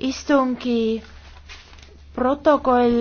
istungi protokoll